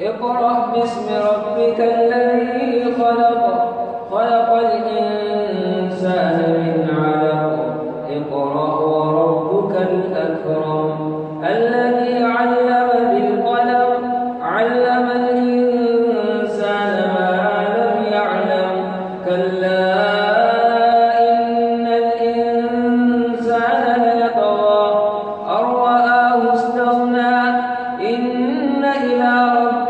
اقرأ باسم ربك الذي خلق خلق الإنسان